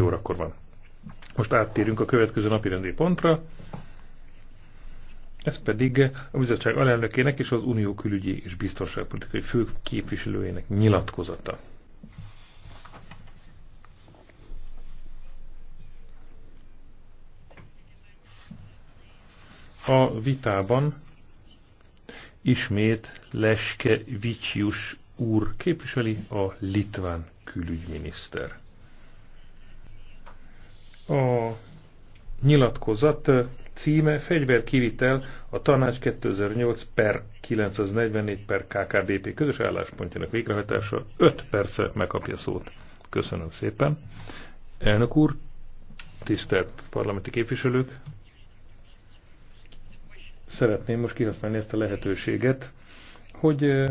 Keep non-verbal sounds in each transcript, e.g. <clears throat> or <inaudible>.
2 órakor van. Most áttérünk a következő napi rendi pontra, ez pedig a bizottság alelnökének és az unió külügyi és biztonságpolitikai fő képviselőjének nyilatkozata. A vitában ismét Leske Vicius úr képviseli a litván külügyminiszter. A nyilatkozat címe Fegyverkivitel a tanács 2008 per 944 per KKBP közös álláspontjának végrehajtása. 5 perce megkapja szót. Köszönöm szépen. Elnök úr, tisztelt parlamenti képviselők, szeretném most kihasználni ezt a lehetőséget, hogy eh,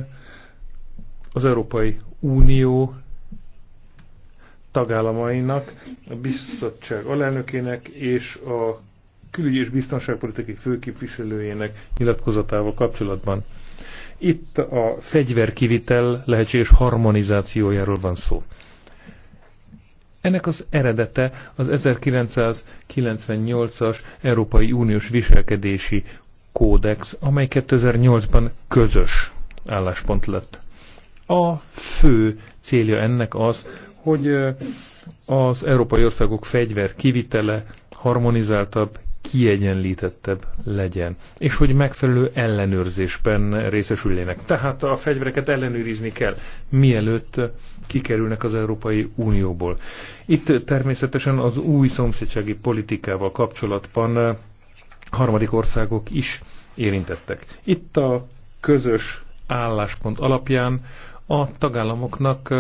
az Európai Unió tagállamainak, a biztonság alelnökének és a külügyi és biztonságpolitikai főképviselőjének nyilatkozatával kapcsolatban. Itt a fegyverkivitel lehetséges harmonizációjáról van szó. Ennek az eredete az 1998-as Európai Uniós Viselkedési Kódex, amely 2008-ban közös álláspont lett. A fő célja ennek az, hogy az európai országok fegyver kivitele harmonizáltabb, kiegyenlítettebb legyen, és hogy megfelelő ellenőrzésben részesüljenek. Tehát a fegyvereket ellenőrizni kell, mielőtt kikerülnek az Európai Unióból. Itt természetesen az új szomszédsági politikával kapcsolatban harmadik országok is érintettek. Itt a közös álláspont alapján a tagállamoknak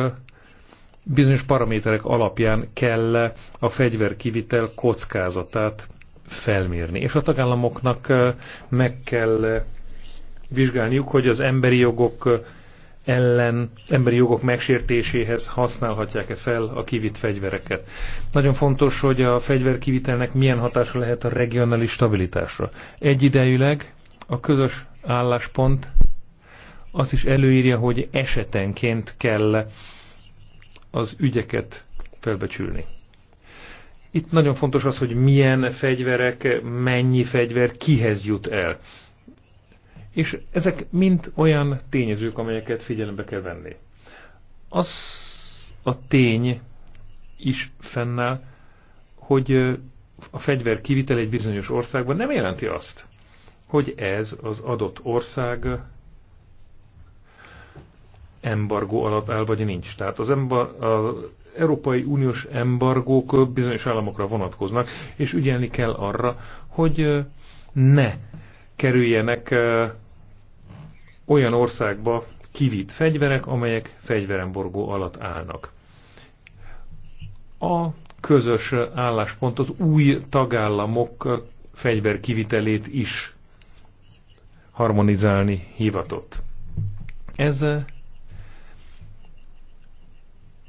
bizonyos paraméterek alapján kell a fegyverkivitel kockázatát felmérni. És a tagállamoknak meg kell vizsgálniuk, hogy az emberi jogok ellen, emberi jogok megsértéséhez használhatják-e fel a kivitt fegyvereket. Nagyon fontos, hogy a fegyverkivitelnek milyen hatása lehet a regionális stabilitásra. Egyidejűleg a közös álláspont azt is előírja, hogy esetenként kell az ügyeket felbecsülni. Itt nagyon fontos az, hogy milyen fegyverek, mennyi fegyver kihez jut el. És ezek mind olyan tényezők, amelyeket figyelembe kell venni. Az a tény is fennáll, hogy a fegyver kivitel egy bizonyos országban nem jelenti azt, hogy ez az adott ország embargó el, vagy nincs. Tehát az, embar, az Európai Uniós embargók bizonyos államokra vonatkoznak, és ügyelni kell arra, hogy ne kerüljenek olyan országba kivitt fegyverek, amelyek fegyveremborgó alatt állnak. A közös álláspont az új tagállamok fegyverkivitelét is harmonizálni hivatott. Ez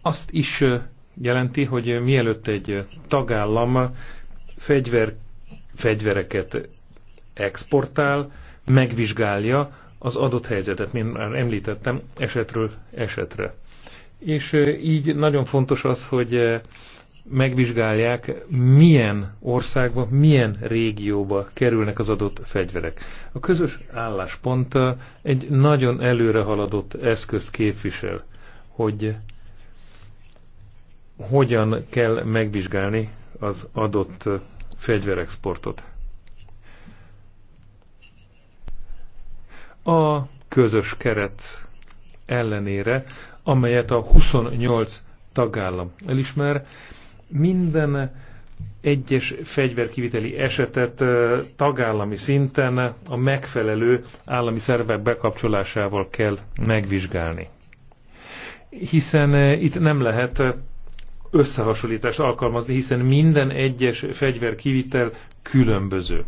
azt is jelenti, hogy mielőtt egy tagállam fegyver, fegyvereket exportál, megvizsgálja az adott helyzetet, mint már említettem, esetről esetre. És így nagyon fontos az, hogy megvizsgálják, milyen országba, milyen régióba kerülnek az adott fegyverek. A közös álláspont egy nagyon előre haladott eszközt képvisel, hogy hogyan kell megvizsgálni az adott fegyverexportot. A közös keret ellenére, amelyet a 28 tagállam elismer, minden egyes fegyverkiviteli esetet tagállami szinten a megfelelő állami szervek bekapcsolásával kell megvizsgálni. Hiszen itt nem lehet összehasonlítást alkalmazni, hiszen minden egyes fegyver kivitel különböző.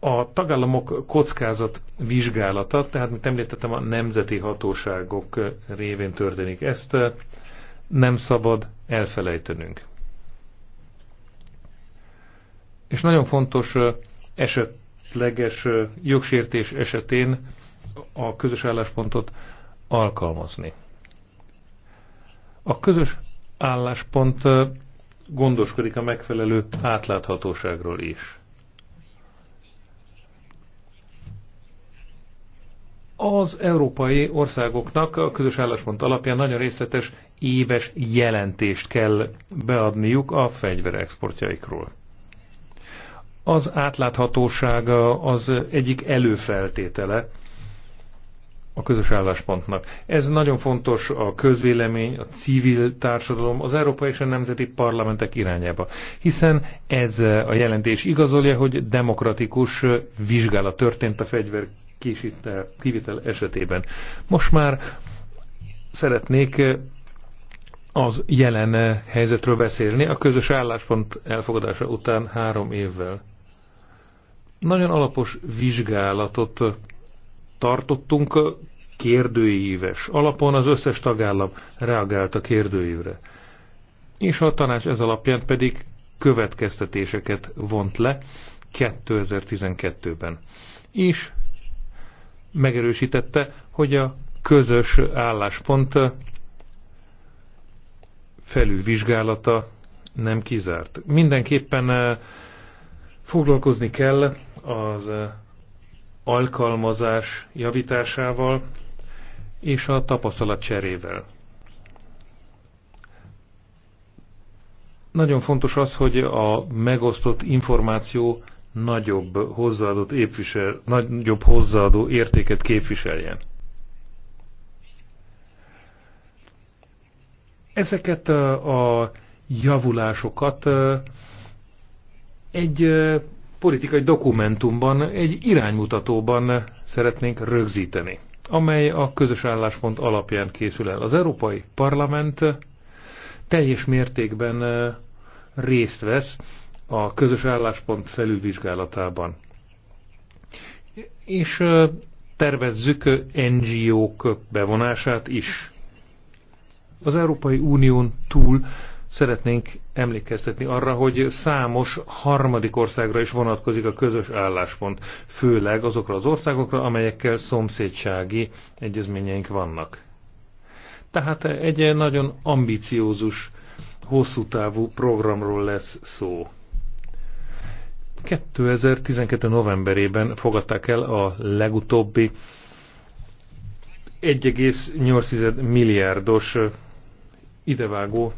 A tagállamok kockázat vizsgálata, tehát mint említettem, a nemzeti hatóságok révén történik. Ezt eh, nem szabad elfelejtenünk. És nagyon fontos eh, esetleges eh, jogsértés esetén a közös álláspontot alkalmazni. A közös álláspont gondoskodik a megfelelő átláthatóságról is. Az európai országoknak a közös álláspont alapján nagyon részletes éves jelentést kell beadniuk a fegyverexportjaikról. Az átláthatóság az egyik előfeltétele a közös álláspontnak. Ez nagyon fontos a közvélemény, a civil társadalom, az európai és a nemzeti parlamentek irányába, hiszen ez a jelentés igazolja, hogy demokratikus vizsgálat történt a fegyver kivitel esetében. Most már szeretnék az jelen helyzetről beszélni a közös álláspont elfogadása után három évvel. Nagyon alapos vizsgálatot tartottunk, kérdőíves alapon az összes tagállam reagált a kérdőívre. És a tanács ez alapján pedig következtetéseket vont le 2012-ben. És megerősítette, hogy a közös álláspont felülvizsgálata nem kizárt. Mindenképpen foglalkozni kell az alkalmazás javításával és a tapasztalat cserével. Nagyon fontos az, hogy a megosztott információ nagyobb hozzáadott épvisel, nagyobb hozzáadó értéket képviseljen. Ezeket a javulásokat egy politikai dokumentumban, egy iránymutatóban szeretnénk rögzíteni, amely a közös álláspont alapján készül el. Az Európai Parlament teljes mértékben részt vesz a közös álláspont felülvizsgálatában. És tervezzük NGO-k bevonását is. Az Európai Unión túl Szeretnénk emlékeztetni arra, hogy számos harmadik országra is vonatkozik a közös álláspont, főleg azokra az országokra, amelyekkel szomszédsági egyezményeink vannak. Tehát egy nagyon ambiciózus, hosszú távú programról lesz szó. 2012. novemberében fogadták el a legutóbbi 1,8 milliárdos idevágó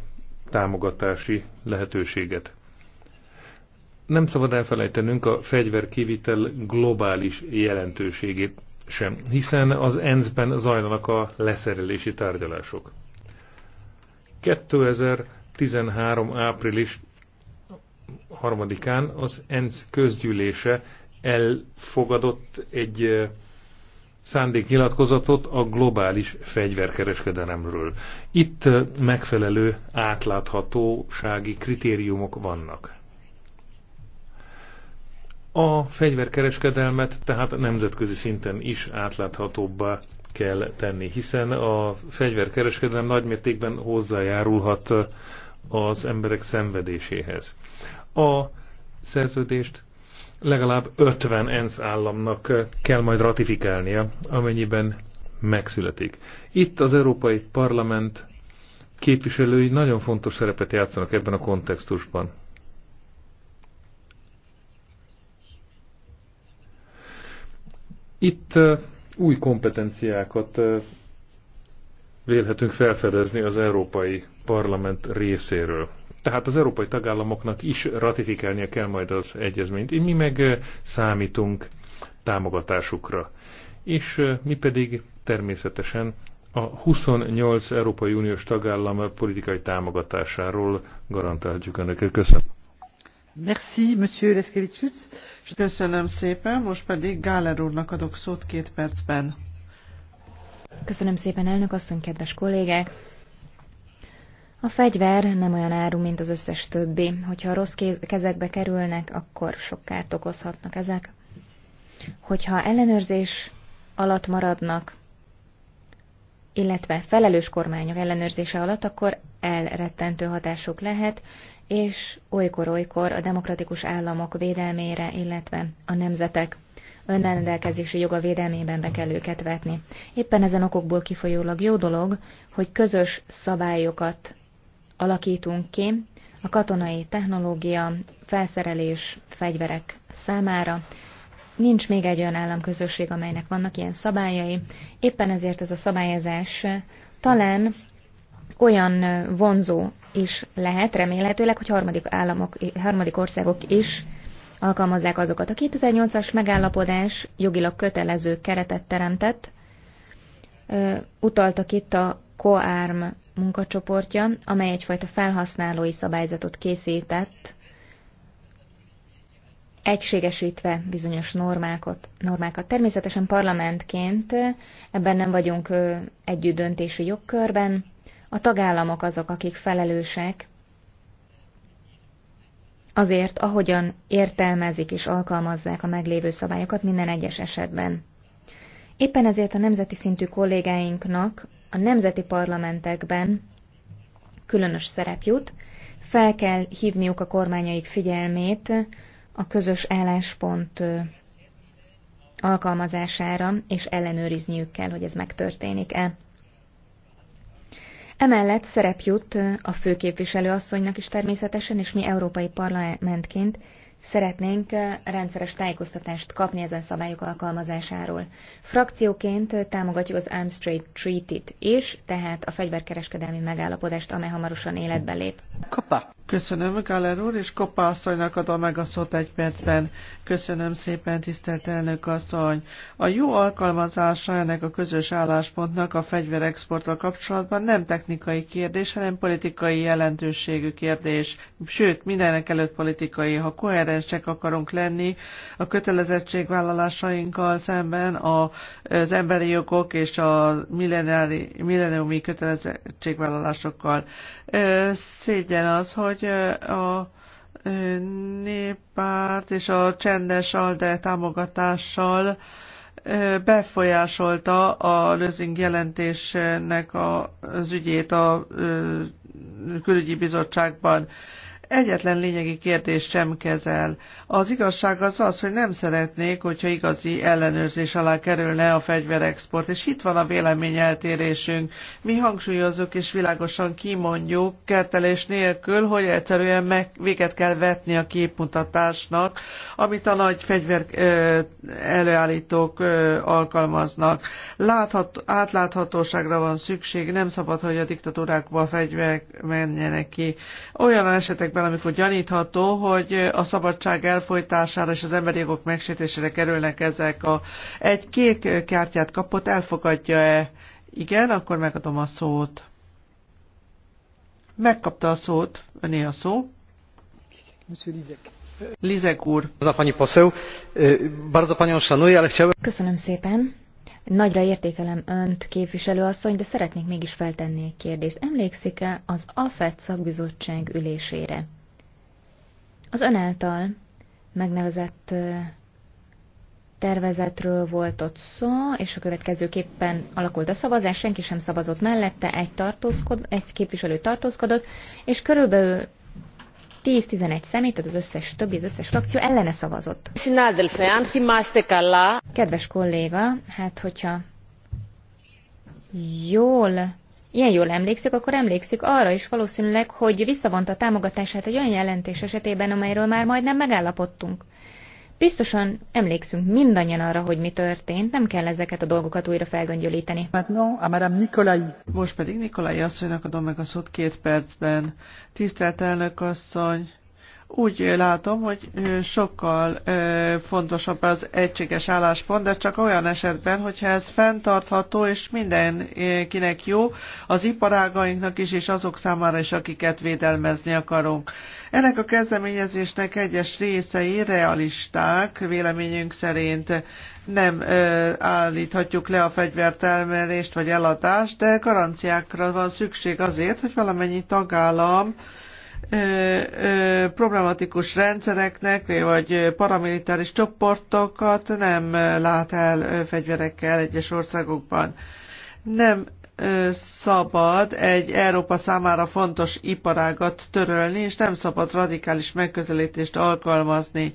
támogatási lehetőséget. Nem szabad elfelejtenünk a fegyverkivitel globális jelentőségét sem, hiszen az ENSZ-ben zajlanak a leszerelési tárgyalások. 2013. április harmadikán az ENSZ közgyűlése elfogadott egy szándéknyilatkozatot a globális fegyverkereskedelemről. Itt eh, megfelelő átláthatósági kritériumok vannak. A fegyverkereskedelmet tehát nemzetközi szinten is átláthatóbbá kell tenni, hiszen a fegyverkereskedelem nagymértékben hozzájárulhat eh, az emberek szenvedéséhez. A szerződést legalább 50 ENSZ államnak kell majd ratifikálnia, amennyiben megszületik. Itt az Európai Parlament képviselői nagyon fontos szerepet játszanak ebben a kontextusban. Itt új kompetenciákat vélhetünk felfedezni az Európai Parlament részéről. Tehát az európai tagállamoknak is ratifikálnia kell majd az egyezményt. Mi meg eh, számítunk támogatásukra. És eh, mi pedig természetesen a 28 Európai Uniós tagállam politikai támogatásáról garantálhatjuk önöket. Köszönöm. Merci, monsieur Leszkevicsic. Köszönöm szépen, most pedig Gáler úrnak adok szót két percben. Köszönöm szépen, elnök asszony, kedves kollégák! A fegyver nem olyan áru, mint az összes többi. Hogyha a rossz kezekbe kerülnek, akkor sok kárt okozhatnak ezek. Hogyha ellenőrzés alatt maradnak, illetve felelős kormányok ellenőrzése alatt, akkor elrettentő hatásuk lehet, és olykor-olykor a demokratikus államok védelmére, illetve a nemzetek önrendelkezési joga védelmében be kell őket vetni. Éppen ezen okokból kifolyólag jó dolog, hogy közös szabályokat alakítunk ki a katonai technológia, felszerelés, fegyverek számára. Nincs még egy olyan államközösség, amelynek vannak ilyen szabályai. Éppen ezért ez a szabályozás talán olyan vonzó is lehet, remélhetőleg, hogy harmadik, államok, harmadik országok is alkalmazzák azokat. A 2008-as megállapodás jogilag kötelező keretet teremtett, utaltak itt a COARM munkacsoportja, amely egyfajta felhasználói szabályzatot készített, egységesítve bizonyos normákat. normákat. Természetesen parlamentként ebben nem vagyunk együtt döntési jogkörben. A tagállamok azok, akik felelősek azért, ahogyan értelmezik és alkalmazzák a meglévő szabályokat minden egyes esetben. Éppen ezért a nemzeti szintű kollégáinknak a nemzeti parlamentekben különös szerep jut, fel kell hívniuk a kormányaik figyelmét a közös álláspont alkalmazására, és ellenőrizniük kell, hogy ez megtörténik-e. Emellett szerep jut a főképviselő asszonynak is természetesen, és mi európai parlamentként Szeretnénk rendszeres tájékoztatást kapni ezen szabályok alkalmazásáról. Frakcióként támogatjuk az Arms Trade Treaty-t is, tehát a fegyverkereskedelmi megállapodást, amely hamarosan életbe lép. Kapa. Köszönöm, Galler úr, és Kopászonynak adom meg a szót egy percben. Köszönöm szépen, tisztelt elnök asszony. A jó alkalmazása ennek a közös álláspontnak a fegyverexporttal kapcsolatban nem technikai kérdés, hanem politikai jelentőségű kérdés. Sőt, mindenek előtt politikai. Ha koherensek akarunk lenni a kötelezettségvállalásainkkal szemben a, az emberi jogok és a milleniumi kötelezettségvállalásokkal szégyen az, hogy a néppárt és a csendes ALDE támogatással befolyásolta a Lözing jelentésnek az ügyét a külügyi bizottságban egyetlen lényegi kérdést sem kezel. Az igazság az az, hogy nem szeretnék, hogyha igazi ellenőrzés alá kerülne a fegyverexport, és itt van a véleményeltérésünk. Mi hangsúlyozzuk és világosan kimondjuk kertelés nélkül, hogy egyszerűen meg, véget kell vetni a képmutatásnak, amit a nagy fegyver ö, előállítók ö, alkalmaznak. Láthat, átláthatóságra van szükség, nem szabad, hogy a diktatúrákba a fegyverek menjenek ki. Olyan esetekben, esetekben, amikor gyanítható, hogy a szabadság elfolytására és az emberi jogok megsértésére kerülnek ezek a... Egy kék kártyát kapott, elfogadja-e? Igen, akkor megadom a szót. Megkapta a szót, öné a szó. Lizek úr. Köszönöm szépen. Nagyra értékelem önt, képviselőasszony, de szeretnék mégis feltenni egy kérdést. Emlékszik-e az AFET szakbizottság ülésére? Az ön által megnevezett tervezetről volt ott szó, és a következőképpen alakult a szavazás, senki sem szavazott mellette, egy, tartózkod, egy képviselő tartózkodott, és körülbelül 10-11 szemét, tehát az összes többi, az összes frakció ellene szavazott. Kedves kolléga, hát hogyha jól, ilyen jól emlékszik, akkor emlékszik arra is valószínűleg, hogy visszavonta a támogatását egy olyan jelentés esetében, amelyről már majdnem megállapodtunk. Biztosan emlékszünk mindannyian arra, hogy mi történt, nem kell ezeket a dolgokat újra felgöngyölíteni. Most pedig Nikolai asszonynak adom meg a szót két percben. Tisztelt elnök asszony, úgy látom, hogy sokkal fontosabb az egységes álláspont, de csak olyan esetben, hogyha ez fenntartható és mindenkinek jó, az iparágainknak is és azok számára is, akiket védelmezni akarunk. Ennek a kezdeményezésnek egyes részei realisták, véleményünk szerint nem ö, állíthatjuk le a fegyvertelmelést vagy eladást, de garanciákra van szükség azért, hogy valamennyi tagállam, problematikus rendszereknek, vagy paramilitáris csoportokat nem lát el fegyverekkel egyes országokban. Nem szabad egy Európa számára fontos iparágat törölni, és nem szabad radikális megközelítést alkalmazni.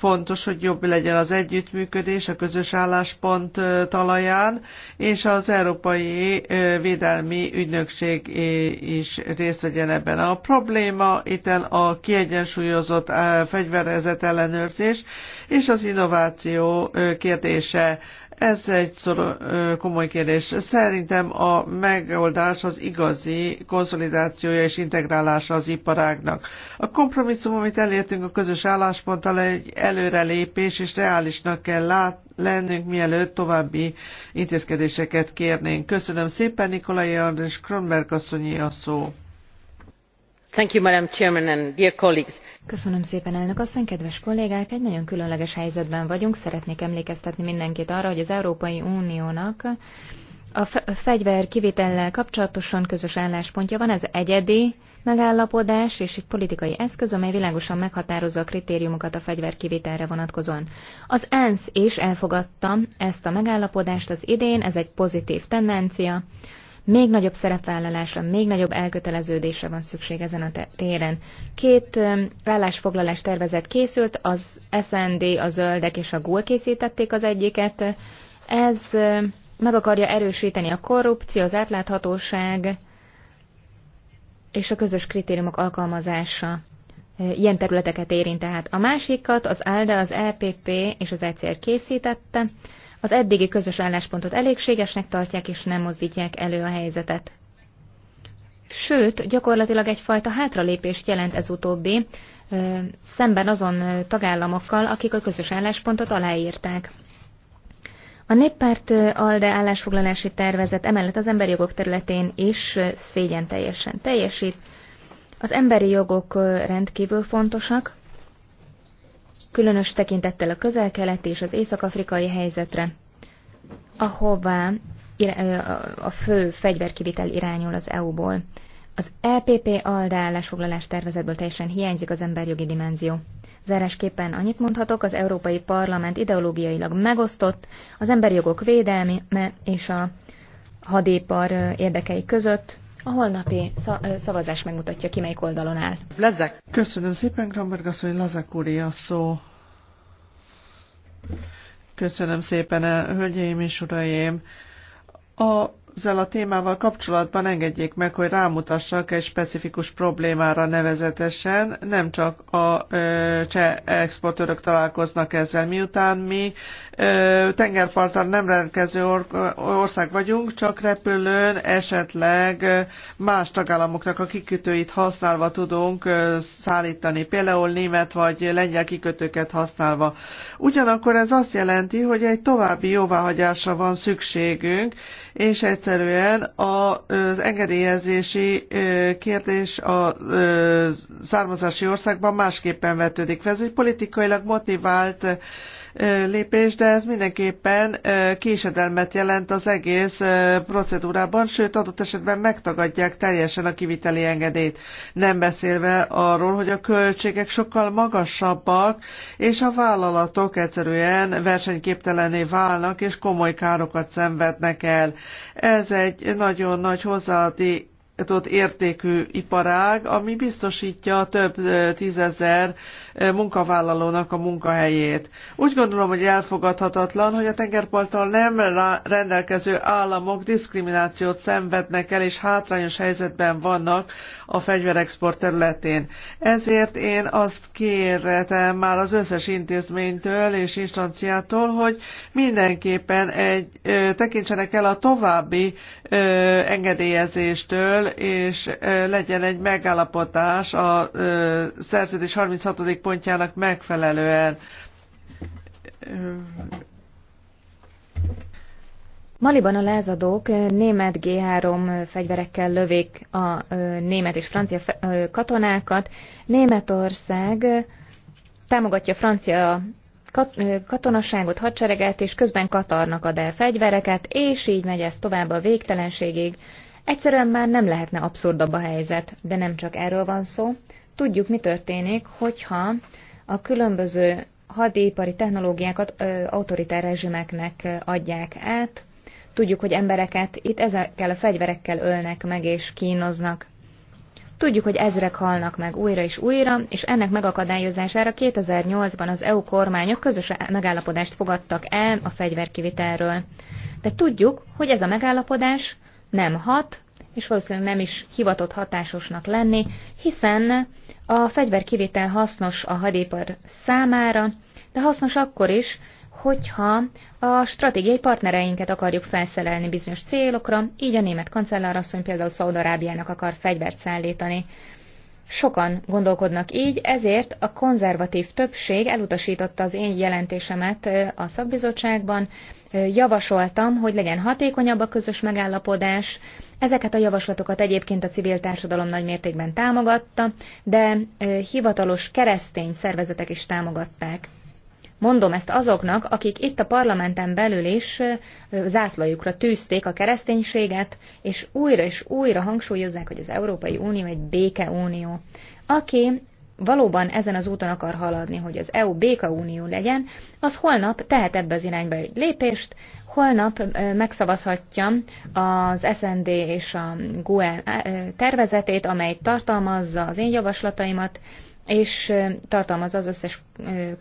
Fontos, hogy jobb legyen az együttműködés a közös álláspont talaján, és az Európai Védelmi Ügynökség is részt vegyen ebben. A probléma itt a kiegyensúlyozott fegyverezet ellenőrzés, és az innováció kérdése. Ez egy szor, komoly kérdés. Szerintem a megoldás az igazi konszolidációja és integrálása az iparágnak. A kompromisszum, amit elértünk a közös állásponttal, egy előrelépés, és reálisnak kell lát, lennünk, mielőtt további intézkedéseket kérnénk. Köszönöm szépen, Nikolai András Kronberg asszonyi a szó. Köszönöm szépen, elnök asszony, kedves kollégák! Egy nagyon különleges helyzetben vagyunk. Szeretnék emlékeztetni mindenkit arra, hogy az Európai Uniónak a fegyver kapcsolatosan közös álláspontja van, ez egyedi megállapodás és egy politikai eszköz, amely világosan meghatározza a kritériumokat a fegyver vonatkozóan. Az ENSZ is elfogadta ezt a megállapodást az idén, ez egy pozitív tendencia még nagyobb szerepvállalásra, még nagyobb elköteleződésre van szükség ezen a téren. Két állásfoglalás tervezet készült, az SND, a Zöldek és a GUL készítették az egyiket. Ez meg akarja erősíteni a korrupció, az átláthatóság és a közös kritériumok alkalmazása. Ilyen területeket érint tehát. A másikat az ALDE, az LPP e és az ECR készítette az eddigi közös álláspontot elégségesnek tartják és nem mozdítják elő a helyzetet. Sőt, gyakorlatilag egyfajta hátralépést jelent ez utóbbi, szemben azon tagállamokkal, akik a közös álláspontot aláírták. A néppárt ALDE állásfoglalási tervezet emellett az emberi jogok területén is szégyen teljesen teljesít. Az emberi jogok rendkívül fontosak, különös tekintettel a közel-keleti és az észak-afrikai helyzetre, ahová a fő fegyverkivitel irányul az EU-ból. Az EPP ALDE foglalás tervezetből teljesen hiányzik az emberjogi dimenzió. Zárásképpen annyit mondhatok, az Európai Parlament ideológiailag megosztott, az emberjogok védelme és a hadépar érdekei között a holnapi szavazás megmutatja, ki melyik oldalon áll. Lezek. Köszönöm szépen, Kramberg asszony, Lezek úr, a szó. Köszönöm szépen, eh, hölgyeim és uraim. A ezzel a témával kapcsolatban engedjék meg, hogy rámutassak egy specifikus problémára nevezetesen. Nem csak a cseh exportőrök találkoznak ezzel, miután mi tengerparton nem rendelkező ország vagyunk, csak repülőn esetleg más tagállamoknak a kikötőit használva tudunk szállítani, például német vagy lengyel kikötőket használva. Ugyanakkor ez azt jelenti, hogy egy további jóváhagyásra van szükségünk, és egyszerűen az engedélyezési kérdés a származási országban másképpen vetődik fel. Ez egy politikailag motivált lépés, de ez mindenképpen késedelmet jelent az egész procedúrában, sőt adott esetben megtagadják teljesen a kiviteli engedélyt. Nem beszélve arról, hogy a költségek sokkal magasabbak, és a vállalatok egyszerűen versenyképtelené válnak, és komoly károkat szenvednek el. Ez egy nagyon nagy hozzáadi értékű iparág, ami biztosítja több tízezer munkavállalónak a munkahelyét. Úgy gondolom, hogy elfogadhatatlan, hogy a tengerparttal nem rendelkező államok diszkriminációt szenvednek el, és hátrányos helyzetben vannak a fegyverexport területén. Ezért én azt kérhetem már az összes intézménytől és instanciától, hogy mindenképpen egy, ö, tekintsenek el a további ö, engedélyezéstől, és ö, legyen egy megállapodás a ö, szerződés 36 nézőpontjának megfelelően. Maliban a lázadók német G3 fegyverekkel lövik a német és francia katonákat. Németország támogatja francia katonaságot, hadsereget, és közben Katarnak ad el fegyvereket, és így megy ez tovább a végtelenségig. Egyszerűen már nem lehetne abszurdabb a helyzet, de nem csak erről van szó, Tudjuk, mi történik, hogyha a különböző hadipari technológiákat ö, autoritár rezsimeknek adják át. Tudjuk, hogy embereket itt ezekkel a fegyverekkel ölnek meg és kínoznak. Tudjuk, hogy ezrek halnak meg újra és újra, és ennek megakadályozására 2008-ban az EU kormányok közös megállapodást fogadtak el a fegyverkivitelről. De tudjuk, hogy ez a megállapodás nem hat, és valószínűleg nem is hivatott hatásosnak lenni, hiszen a fegyverkivétel hasznos a hadipar számára, de hasznos akkor is, hogyha a stratégiai partnereinket akarjuk felszerelni bizonyos célokra, így a német kancellárasszony például Szaudarábiának akar fegyvert szállítani. Sokan gondolkodnak így, ezért a konzervatív többség elutasította az én jelentésemet a szakbizottságban. Javasoltam, hogy legyen hatékonyabb a közös megállapodás. Ezeket a javaslatokat egyébként a civil társadalom nagymértékben támogatta, de hivatalos keresztény szervezetek is támogatták. Mondom ezt azoknak, akik itt a parlamenten belül is zászlajukra tűzték a kereszténységet, és újra és újra hangsúlyozzák, hogy az Európai Unió egy békeunió. Aki valóban ezen az úton akar haladni, hogy az EU unió legyen, az holnap tehet ebbe az irányba egy lépést, holnap megszavazhatja az SND és a GUE tervezetét, amely tartalmazza az én javaslataimat, és tartalmaz az összes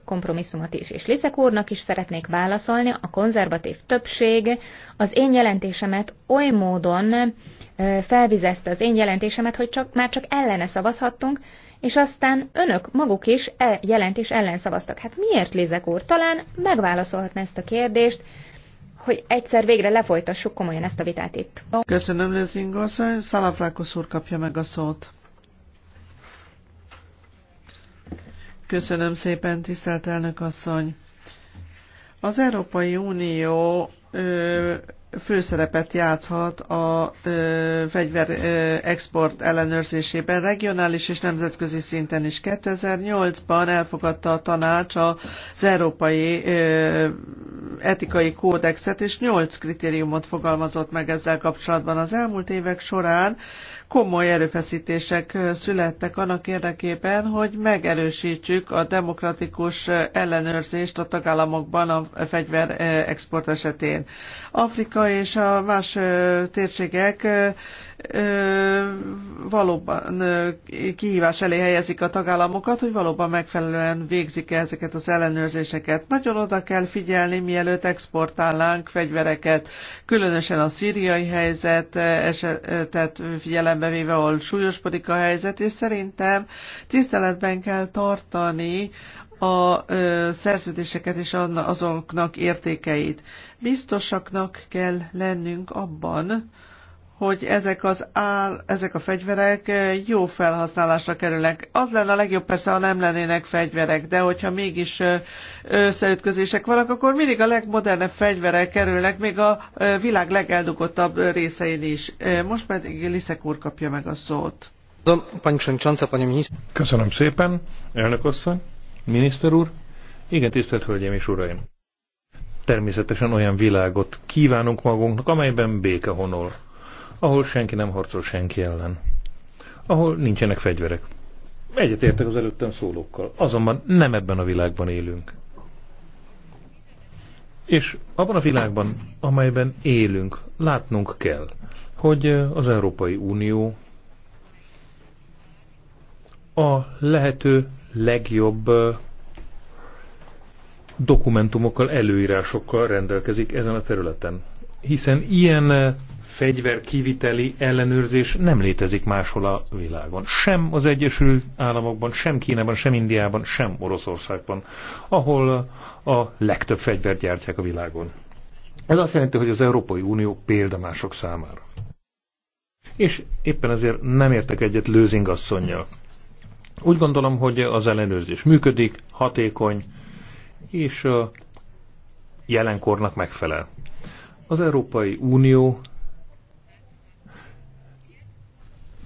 kompromisszumot is. És Lizek úrnak is szeretnék válaszolni, a konzervatív többség az én jelentésemet oly módon felvizezte az én jelentésemet, hogy csak, már csak ellene szavazhattunk, és aztán önök maguk is e jelentés ellen szavaztak. Hát miért, Lizek úr? Talán megválaszolhatna ezt a kérdést, hogy egyszer végre lefolytassuk komolyan ezt a vitát itt. Köszönöm, Lőzing asszony. Szalafrákos úr kapja meg a szót. Köszönöm szépen, tisztelt elnök asszony! Az Európai Unió ö, főszerepet játszhat a ö, fegyver ö, export ellenőrzésében regionális és nemzetközi szinten is. 2008-ban elfogadta a tanács az Európai ö, Etikai Kódexet, és 8 kritériumot fogalmazott meg ezzel kapcsolatban. Az elmúlt évek során komoly erőfeszítések születtek annak érdekében, hogy megerősítsük a demokratikus ellenőrzést a tagállamokban a fegyver export esetén. Afrika és a más térségek valóban kihívás elé helyezik a tagállamokat, hogy valóban megfelelően végzik -e ezeket az ellenőrzéseket. Nagyon oda kell figyelni, mielőtt exportálnánk fegyvereket, különösen a szíriai helyzet esetet figyelembe véve, ahol súlyosodik a helyzet, és szerintem tiszteletben kell tartani a ö, szerződéseket és azoknak értékeit. Biztosaknak kell lennünk abban, hogy ezek, az áll, ezek a fegyverek eh, jó felhasználásra kerülnek. Az lenne a legjobb persze, ha nem lennének fegyverek, de hogyha mégis eh, összeütközések vannak, akkor mindig a legmodernebb fegyverek kerülnek, még a eh, világ legeldugottabb részein is. Most pedig Liszek úr kapja meg a szót. Köszönöm szépen, elnök asszony, miniszter úr. Igen, tisztelt Hölgyeim és Uraim! Természetesen olyan világot kívánunk magunknak, amelyben béke honol ahol senki nem harcol senki ellen, ahol nincsenek fegyverek. Egyetértek az előttem szólókkal. Azonban nem ebben a világban élünk. És abban a világban, amelyben élünk, látnunk kell, hogy az Európai Unió a lehető legjobb dokumentumokkal, előírásokkal rendelkezik ezen a területen. Hiszen ilyen fegyverkiviteli ellenőrzés nem létezik máshol a világon. Sem az Egyesült Államokban, sem Kínában, sem Indiában, sem Oroszországban, ahol a legtöbb fegyvert gyártják a világon. Ez azt jelenti, hogy az Európai Unió példa mások számára. És éppen ezért nem értek egyet Lőzing asszonynal. Úgy gondolom, hogy az ellenőrzés működik, hatékony, és jelenkornak megfelel. Az Európai Unió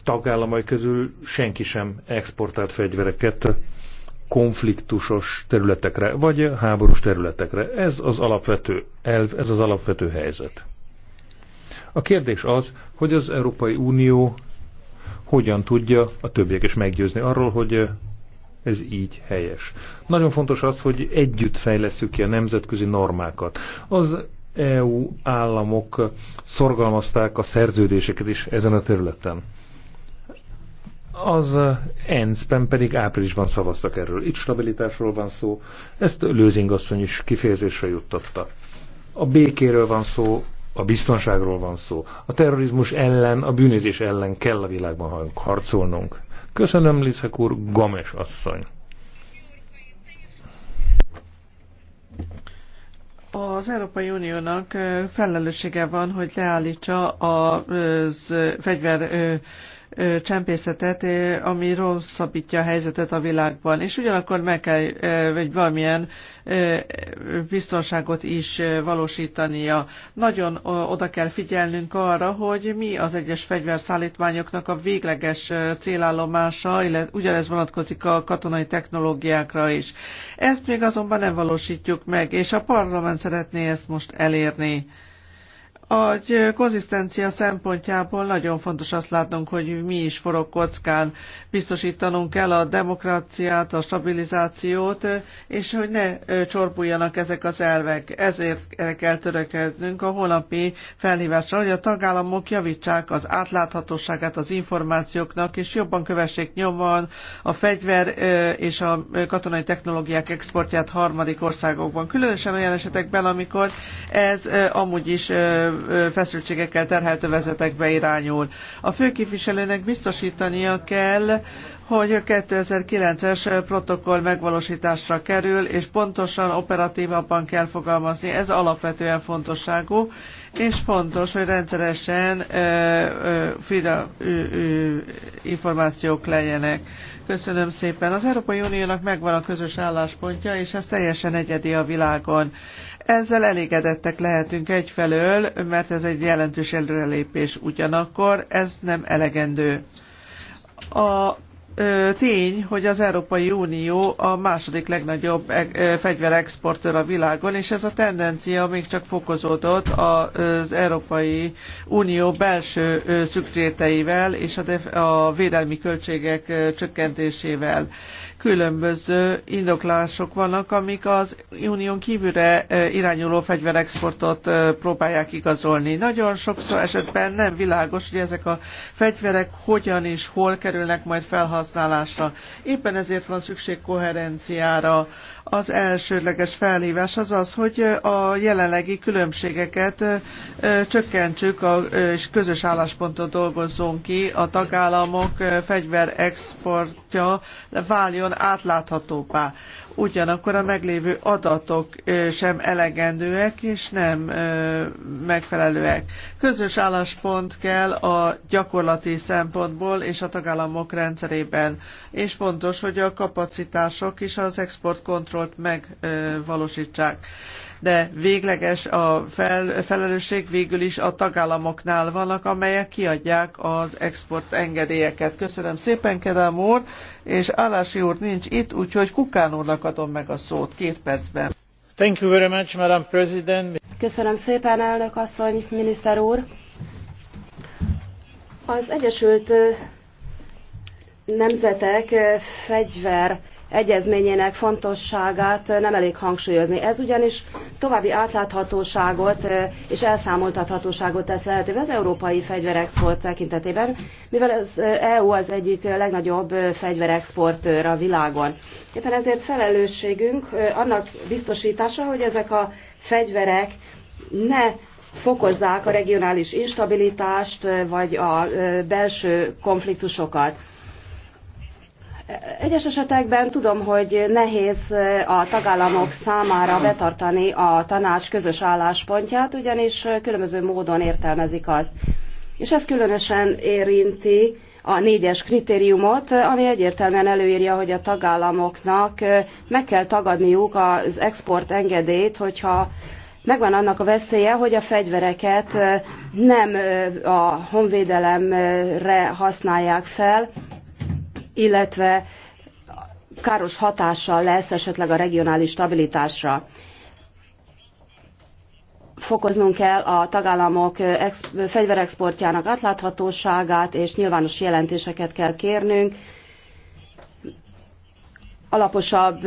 tagállamai közül senki sem exportált fegyvereket konfliktusos területekre, vagy háborús területekre. Ez az alapvető elv, ez az alapvető helyzet. A kérdés az, hogy az Európai Unió hogyan tudja a többiek is meggyőzni arról, hogy ez így helyes. Nagyon fontos az, hogy együtt fejleszünk ki a nemzetközi normákat. Az EU államok szorgalmazták a szerződéseket is ezen a területen. Az ENSZ-ben pedig áprilisban szavaztak erről. Itt stabilitásról van szó, ezt Lőzing asszony is kifejezésre juttatta. A békéről van szó, a biztonságról van szó. A terrorizmus ellen, a bűnözés ellen kell a világban harcolnunk. Köszönöm, Liszek úr, Games asszony. Az Európai Uniónak felelőssége van, hogy leállítsa a fegyver csempészetet, ami rosszabbítja a helyzetet a világban. És ugyanakkor meg kell egy valamilyen biztonságot is valósítania. Nagyon oda kell figyelnünk arra, hogy mi az egyes fegyverszállítmányoknak a végleges célállomása, illetve ugyanez vonatkozik a katonai technológiákra is. Ezt még azonban nem valósítjuk meg, és a parlament szeretné ezt most elérni. A konzisztencia szempontjából nagyon fontos azt látnunk, hogy mi is forog kockán. Biztosítanunk kell a demokráciát, a stabilizációt, és hogy ne csorbuljanak ezek az elvek. Ezért kell törekednünk a holnapi felhívásra, hogy a tagállamok javítsák az átláthatóságát az információknak, és jobban kövessék nyomon a fegyver és a katonai technológiák exportját harmadik országokban. Különösen olyan esetekben, amikor ez amúgy is feszültségekkel terhelt övezetekbe irányul. A főképviselőnek biztosítania kell, hogy a 2009-es protokoll megvalósításra kerül, és pontosan operatívabban kell fogalmazni. Ez alapvetően fontosságú, és fontos, hogy rendszeresen ö, ö, fida, ö, ö, információk legyenek. Köszönöm szépen. Az Európai Uniónak megvan a közös álláspontja, és ez teljesen egyedi a világon. Ezzel elégedettek lehetünk egyfelől, mert ez egy jelentős előrelépés ugyanakkor, ez nem elegendő. A tény, hogy az Európai Unió a második legnagyobb e-, fegyverexportőr a világon, és ez a tendencia még csak fokozódott az Európai Unió belső szükségleteivel és a, védelmi költségek csökkentésével különböző indoklások vannak, amik az unión kívülre e, irányuló fegyverexportot e, próbálják igazolni. Nagyon sokszor esetben nem világos, hogy ezek a fegyverek hogyan és hol kerülnek majd felhasználásra. Éppen ezért van szükség koherenciára az elsődleges felhívás az az, hogy a jelenlegi különbségeket csökkentsük, és közös álláspontot dolgozzunk ki, a tagállamok fegyverexportja váljon átláthatóbbá ugyanakkor a meglévő adatok sem elegendőek és nem megfelelőek. Közös álláspont kell a gyakorlati szempontból és a tagállamok rendszerében, és fontos, hogy a kapacitások is az exportkontrollt megvalósítsák de végleges a fel, felelősség végül is a tagállamoknál vannak, amelyek kiadják az export engedélyeket. Köszönöm szépen, Kedám úr, és Állási úr nincs itt, úgyhogy Kukán úrnak adom meg a szót két percben. Thank you very much, Madam President. Köszönöm szépen, elnök asszony, miniszter úr. Az Egyesült Nemzetek fegyver egyezményének fontosságát nem elég hangsúlyozni. Ez ugyanis további átláthatóságot eh, és elszámoltathatóságot tesz lehetővé az európai fegyverexport tekintetében, mivel az EU eh, e az egyik legnagyobb eh, fegyverexportőr a világon. Éppen ezért felelősségünk annak biztosítása, hogy ezek a fegyverek ne fokozzák a regionális instabilitást vagy a belső konfliktusokat. Egyes esetekben tudom, hogy nehéz eh, a tagállamok számára betartani a tanács közös álláspontját, ugyanis eh, különböző módon értelmezik azt. És ez különösen érinti a négyes kritériumot, eh, ami egyértelműen előírja, hogy a tagállamoknak meg kell tagadniuk az export engedélyt, hogyha megvan annak a veszélye, hogy a fegyvereket nem a honvédelemre használják fel, illetve káros hatással lesz esetleg a regionális stabilitásra. Fokoznunk kell a tagállamok fegyverexportjának átláthatóságát, és nyilvános jelentéseket kell kérnünk. Alaposabb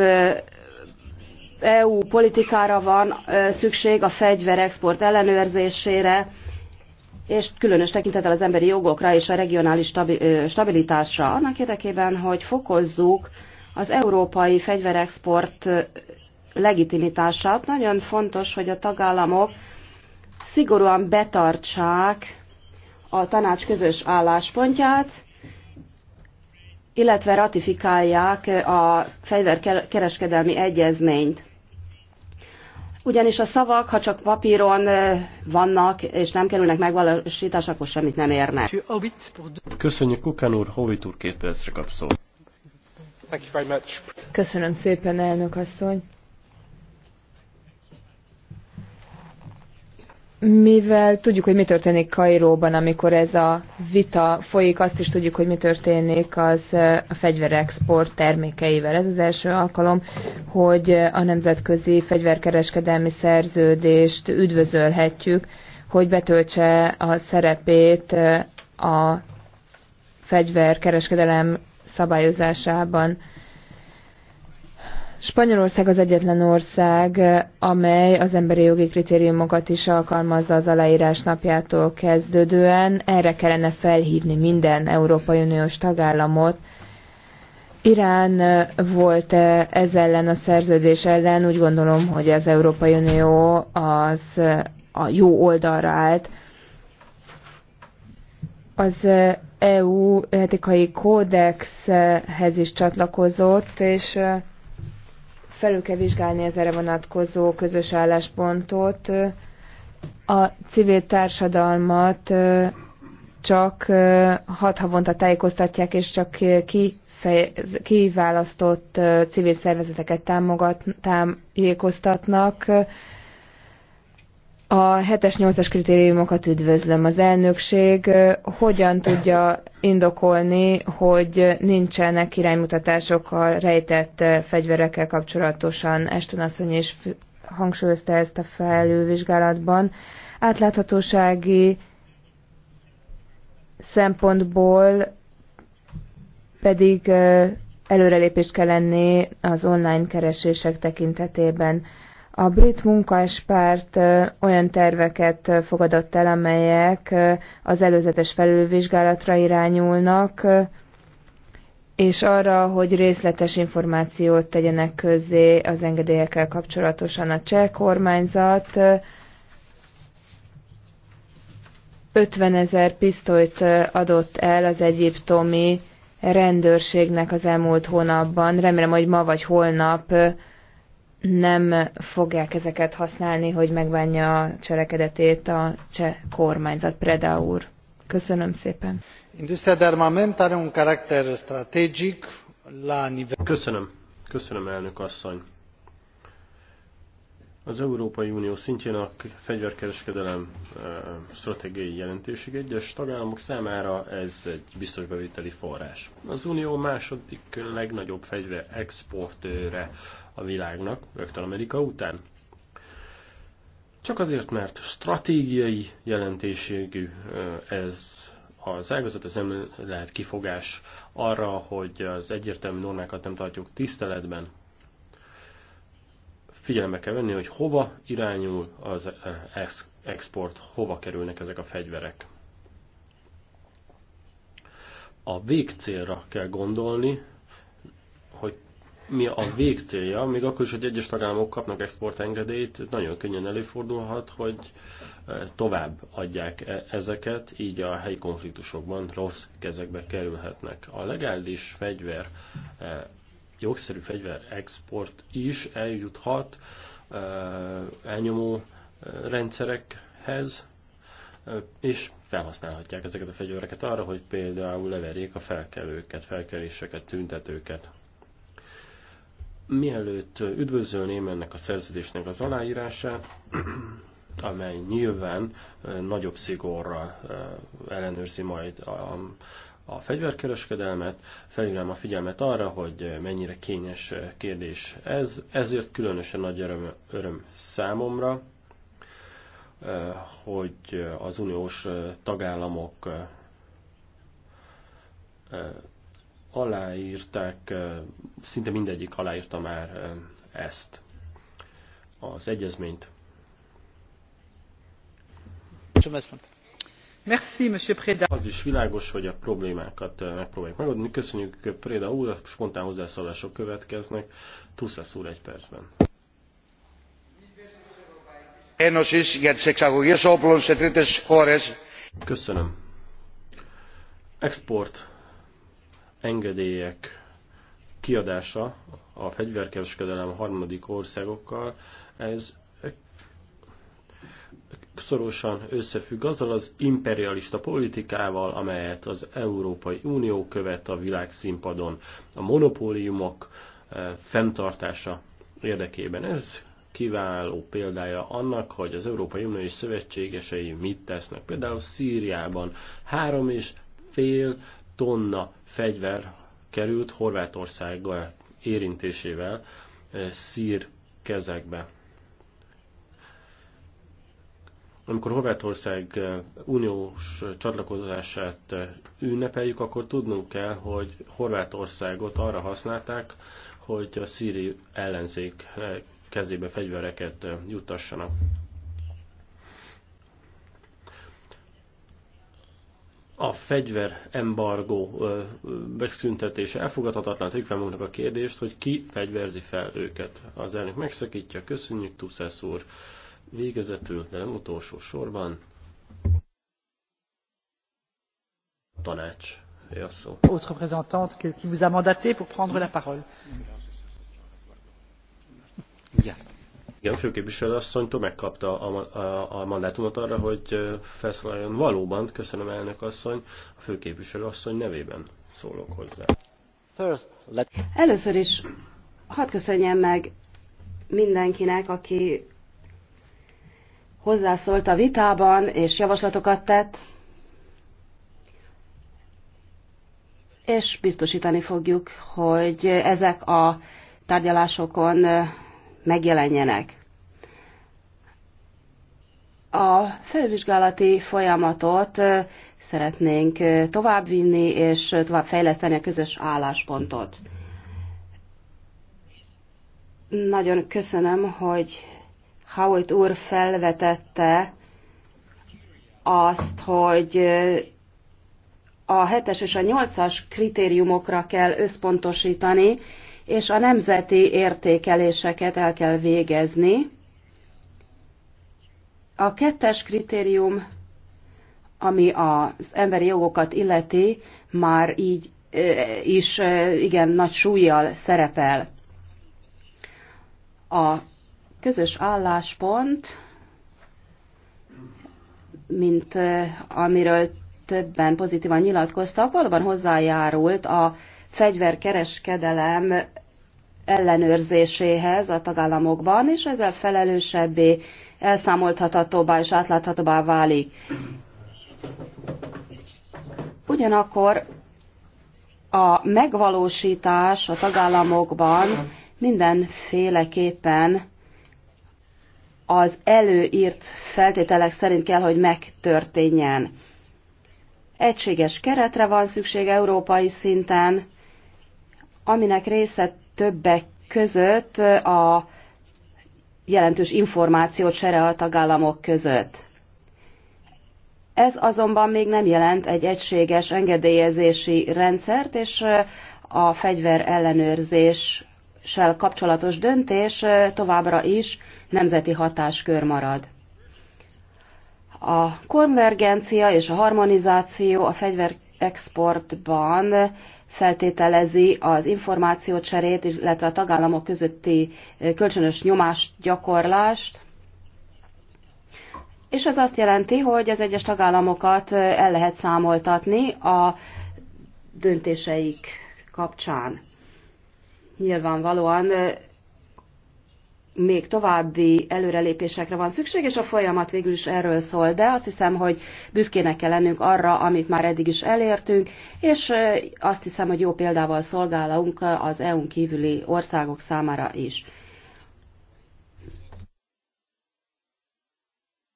EU politikára van szükség a fegyverexport ellenőrzésére, és különös tekintettel az emberi jogokra és a regionális stabilitásra, annak érdekében, hogy fokozzuk az európai fegyverexport legitimitását. Nagyon fontos, hogy a tagállamok szigorúan betartsák a tanács közös álláspontját, illetve ratifikálják a fegyverkereskedelmi egyezményt. Ugyanis a szavak, ha csak papíron vannak, és nem kerülnek megvalósításra, akkor semmit nem érnek. Köszönjük Kukán úr, Hovit úr két percre kap Köszönöm szépen, elnök asszony. mivel tudjuk, hogy mi történik Kairóban, amikor ez a vita folyik, azt is tudjuk, hogy mi történik az a fegyverexport termékeivel. Ez az első alkalom, hogy a nemzetközi fegyverkereskedelmi szerződést üdvözölhetjük, hogy betöltse a szerepét a fegyverkereskedelem szabályozásában. Spanyolország az egyetlen ország, amely az emberi jogi kritériumokat is alkalmazza az aláírás napjától kezdődően. Erre kellene felhívni minden Európai Uniós tagállamot. Irán volt ez ellen a szerződés ellen, úgy gondolom, hogy az Európai Unió az a jó oldalra állt. Az EU etikai kódexhez is csatlakozott, és Felül kell vizsgálni az erre vonatkozó közös álláspontot. A civil társadalmat csak hat havonta tájékoztatják, és csak ki kiválasztott civil szervezeteket támogat, tájékoztatnak. A 7 8-as kritériumokat üdvözlöm. Az elnökség hogyan tudja indokolni, hogy nincsenek iránymutatások a rejtett fegyverekkel kapcsolatosan? Eston asszony is hangsúlyozta ezt a felülvizsgálatban. Átláthatósági szempontból pedig előrelépést kell lenni az online keresések tekintetében. A brit munkáspárt olyan terveket fogadott el, amelyek az előzetes felülvizsgálatra irányulnak, és arra, hogy részletes információt tegyenek közzé az engedélyekkel kapcsolatosan a cseh kormányzat. 50 ezer pisztolyt adott el az egyiptomi rendőrségnek az elmúlt hónapban. Remélem, hogy ma vagy holnap nem fogják ezeket használni, hogy megbánja a cselekedetét a cseh kormányzat, Preda úr. Köszönöm szépen. Industria de armament are un caracter strategic la nivel... Köszönöm. Köszönöm, elnök asszony. Az Európai Unió szintjén a fegyverkereskedelem stratégiai jelentőség egyes tagállamok számára ez egy biztos bevételi forrás. Az Unió második legnagyobb fegyver exportőre a világnak, rögtön Amerika után. Csak azért, mert stratégiai jelentőségű ez az ágazat, az nem lehet kifogás arra, hogy az egyértelmű normákat nem tartjuk tiszteletben, Figyelembe kell venni, hogy hova irányul az eh, export, hova kerülnek ezek a fegyverek. A végcélra kell gondolni, hogy mi a végcélja, még akkor is, hogy egyes tagállamok kapnak exportengedélyt, nagyon könnyen előfordulhat, hogy eh, tovább adják e-, ezeket, így a helyi konfliktusokban rossz kezekbe kerülhetnek. A legális fegyver eh, jogszerű fegyver export is eljuthat eh, elnyomó eh, rendszerekhez, eh, és felhasználhatják ezeket a fegyvereket arra, hogy például leverjék a felkelőket, felkeléseket, tüntetőket. Mielőtt üdvözölném ennek a szerződésnek az aláírását, <clears throat> amely nyilván nagyobb szigorral ellenőrzi majd a a fegyverkereskedelmet, felhívnám a figyelmet arra, hogy mennyire kényes kérdés ez, ezért különösen nagy öröm, öröm számomra, hogy az uniós tagállamok aláírták, szinte mindegyik aláírta már ezt az egyezményt. Köszönöm, Merci, Monsieur Preda. Az is világos, hogy a problémákat eh, megpróbáljuk megoldani. Köszönjük eh, Préda úr, a spontán hozzászólások következnek. Tuszasz úr egy percben. Köszönöm. Export engedélyek kiadása a fegyverkereskedelem harmadik országokkal, ez szorosan összefügg azzal az imperialista politikával, amelyet az Európai Unió követ a világszínpadon a monopóliumok eh, fenntartása érdekében. Ez kiváló példája annak, hogy az Európai Unió és szövetségesei mit tesznek. Például Szíriában három és fél tonna fegyver került Horvátország érintésével eh, szír kezekbe. amikor Horvátország eh, uniós csatlakozását eh, ünnepeljük, akkor tudnunk kell, hogy Horvátországot arra használták, hogy a szíri ellenzék eh, kezébe fegyvereket juttassanak. A fegyver embargó megszüntetése elfogadhatatlan, tegyük fel a kérdést, hogy ki fegyverzi fel őket. Az elnök megszakítja, köszönjük, Tuszász úr. Végezetül, de nem utolsó sorban, tanács. Autre représentante qui vous a mandaté pour prendre la parole. Igen, főképviselő asszonytól megkapta a, a, a mandátumot arra, hogy felszólaljon valóban, köszönöm elnök asszony, a főképviselő asszony nevében szólok hozzá. First, let... Először is hadd köszönjem meg mindenkinek, aki hozzászólt a vitában, és javaslatokat tett, és biztosítani fogjuk, hogy ezek a tárgyalásokon megjelenjenek. A felvizsgálati folyamatot szeretnénk továbbvinni és továbbfejleszteni a közös álláspontot. Nagyon köszönöm, hogy Howard úr felvetette azt, hogy a 7-es és a 8-as kritériumokra kell összpontosítani, és a nemzeti értékeléseket el kell végezni. A kettes kritérium, ami az emberi jogokat illeti, már így is igen nagy súlyjal szerepel. A közös álláspont, mint eh, amiről többen pozitívan nyilatkoztak, valóban hozzájárult a fegyverkereskedelem ellenőrzéséhez a tagállamokban, és ezzel felelősebbé, elszámolthatatóbbá és átláthatóbbá válik. Ugyanakkor a megvalósítás a tagállamokban mindenféleképpen az előírt feltételek szerint kell, hogy megtörténjen. Egységes keretre van szükség európai szinten, aminek része többek között a jelentős információt sere a tagállamok között. Ez azonban még nem jelent egy egységes engedélyezési rendszert, és a fegyverellenőrzés ellenőrzés sel kapcsolatos döntés továbbra is nemzeti hatáskör marad. A konvergencia és a harmonizáció a fegyverexportban feltételezi az információcserét, illetve a tagállamok közötti kölcsönös nyomást gyakorlást, és ez azt jelenti, hogy az egyes tagállamokat el lehet számoltatni a döntéseik kapcsán nyilvánvalóan még további előrelépésekre van szükség, és a folyamat végül is erről szól, de azt hiszem, hogy büszkének kell lennünk arra, amit már eddig is elértünk, és azt hiszem, hogy jó példával szolgálunk az EU-n kívüli országok számára is.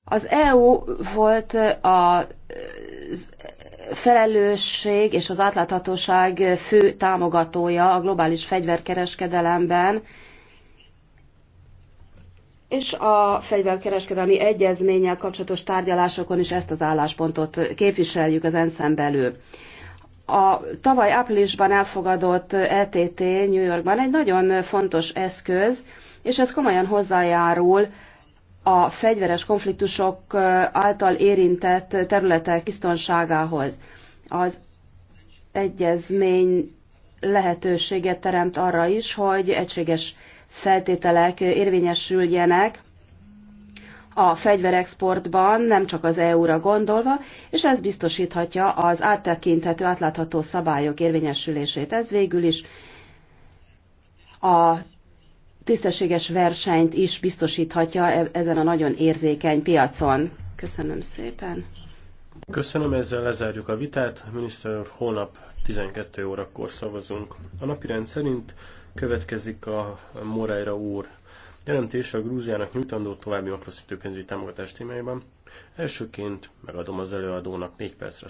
Az EU volt az felelősség és az átláthatóság fő támogatója a globális fegyverkereskedelemben, és a fegyverkereskedelmi egyezménnyel kapcsolatos tárgyalásokon is ezt az álláspontot képviseljük az ENSZ-en belül. A tavaly áprilisban elfogadott ETT New Yorkban egy nagyon fontos eszköz, és ez komolyan hozzájárul a fegyveres konfliktusok által érintett területek biztonságához. Az egyezmény lehetőséget teremt arra is, hogy egységes feltételek érvényesüljenek a fegyverexportban, nem csak az EU-ra gondolva, és ez biztosíthatja az áttekinthető, átlátható szabályok érvényesülését. Ez végül is a tisztességes versenyt is biztosíthatja e- ezen a nagyon érzékeny piacon. Köszönöm szépen. Köszönöm, ezzel lezárjuk a vitát. Miniszter úr, holnap 12 órakor szavazunk. A napirend szerint következik a Moreira úr jelentése a Grúziának nyújtandó további makroszintű pénzügyi támogatás témájában. Elsőként megadom az előadónak 4 percre